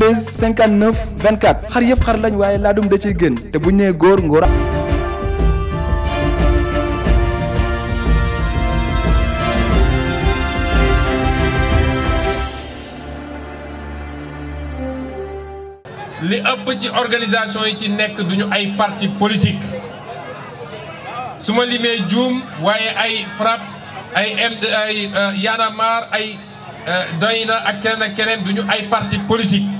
73 59 24 xar yëpp xar lañ waaye laadum da ciy gën te nee góor ngóor li ëpp ci organisation yi ci nekk duñu ay parti politique suma limee juum waaye ay FRAPP ay MD ay euh, Y'en a marre euh, na ak keneen ak keneen duñu ay parti politique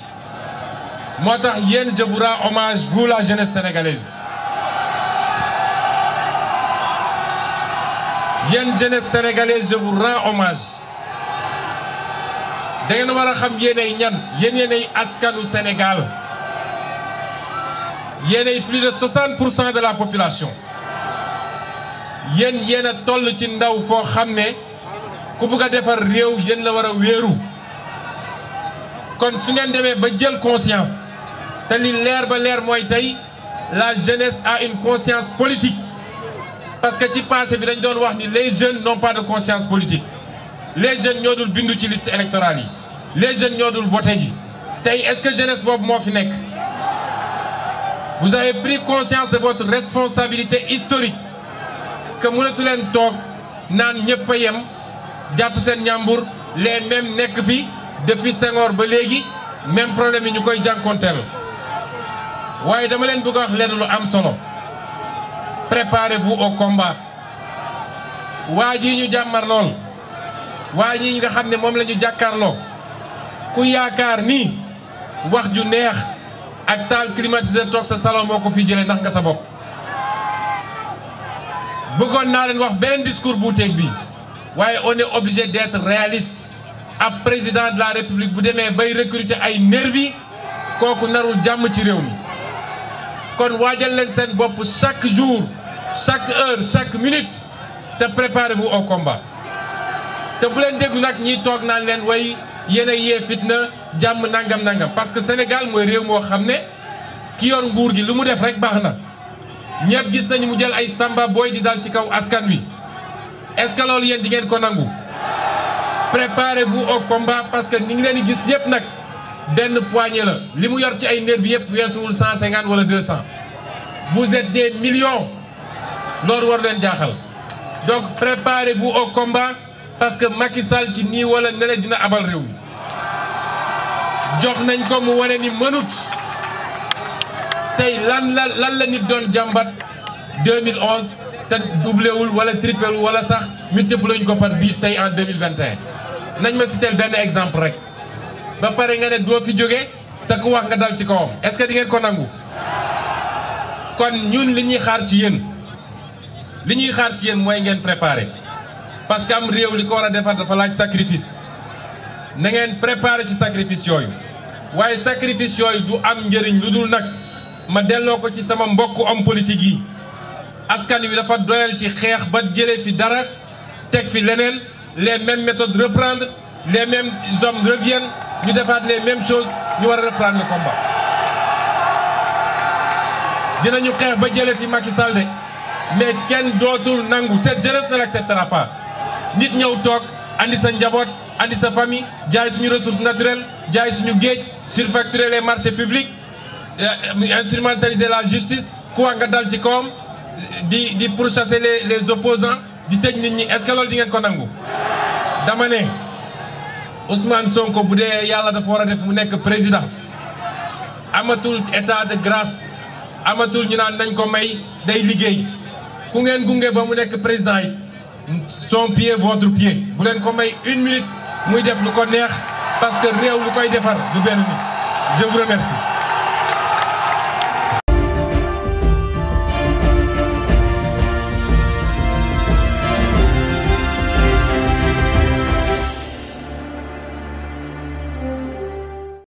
moo tax yéen je vous rends hommage la jeunesse sénégalaise yéen jeunesse sénégalaise je vous da ngeen war a xam yéenay ñan yéen yéenay askanu Sénégal yéenay plus de 60 pour cent de la population yéen yéen a toll ci ndaw foo xam ne ku bugg a defar réew yéen la war a wéeru kon su ngeen demee ba jël conscience te li leer ba leer mooy tey la jeunesse a une conscience politique parce que ci passé bi dañ doon wax ni les jeunes n'ont pas de conscience politique les jeunes ñoo dul bindu ci liste électorale yi les jeunes ñoo dul voté ji tey est-ce que jeunesse boobu moo fi nekk vous avez pris conscience de votre responsabilité historique que mënatu leen toog naan ñëpp yem jàpp seen ñàmbur les mêmes nekk fi depuis Senghor ba léegi même problème yi ñu koy jànkonteel waaye dama leen bëgg wax leen lu am solo préparez bu au combat waa jii ñu jàmmar lool waa yi nga xam ne moom lañu ñu ku yaakaar ni wax ju neex ak taal climatiseur toog sa salon moo ko fi jële ndax nga sa bopp bëggoon naa leen wax benn discours bu teeg bi waaye on est obligé d'être réaliste ab président de la république bu demee bay recruter ay nervi kooku narul jàmm ci réew mi kon waajal leen seen bopp chaque jour chaque heure chaque minute te préparez-vous au te bu leen déglu nag ñiy toog naan leen way yéen a yee fitna jàmm nangam nangam parce que Sénégal mooy réew moo xam ne ki yoon nguur gi lu mu def rek baax na ñëpp gis nañu mu jël ay samba booy di daal ci kaw askan wi est-ce que loolu yéen di ngeen ko nangu préparez-vous au combat parce que ni ngi leen di gis yëpp nag. benn poignée la li mu yor ci ay nerf bi yëpp weesuwul cent cinquante wala deux cent vous êtes des millions loolu war leen jaaxal donc préparez bu au combat parce que Macky Sall ci nii wala nele dina abal réew mi jox nañ ko mu wane ni mënut tey lan la lan la nit doon jàmbat 2011 te doublé wul wala triplé wala sax multiplié ñu ko par 10 tey en 2021 nañ ma citer benn exemple rek. ba pare nga ne doo fi jóge te ku wax nga dal ci kawam est-ce que ngeen ko nangu. kon ñun li ñuy xaar ci yéen li ñuy xaar ci yéen mooy ngeen préparer parce que am réew li ko war a defar dafa laaj sacrifice na ngeen préparer ci sacrifice yooyu waaye sacrifice yooyu du am njëriñ lu dul nag ma delloo ko ci sama mbokk homme politique yi askan wi dafa doyal ci xeex ba jëlee fi dara teg fi leneen les mêmes méthodes reprendre les mêmes hommes reviennent ñu defaat les mêmes choses ñu war a reprendre le combat. dinañu xeex ba jëlee fi Macky Sall de mais kenn dootul nangu cette jeunesse ne l'acceptera pas nit ñëw toog indi sa njaboot indi sa famille jaay suñu ressources naturelles jaay suñu géej surfacturer les marchés publics euh, instrumentaliser la justice ku nga dal ci kawam di di pourchasser les les opposants di tëj nit ñi est-ce di ngeen ko nangu dama ne. Ousmane Sonko bu dee yàlla dafa war a def mu nekk président amatul état de grace amatul ñu naan nañ ko may day liggéey ku ngeen gunge ba mu nekk président yi son pied votre pied bu leen ko may une minute muy def lu ko neex parce que réew lu koy defar du benn nit je vous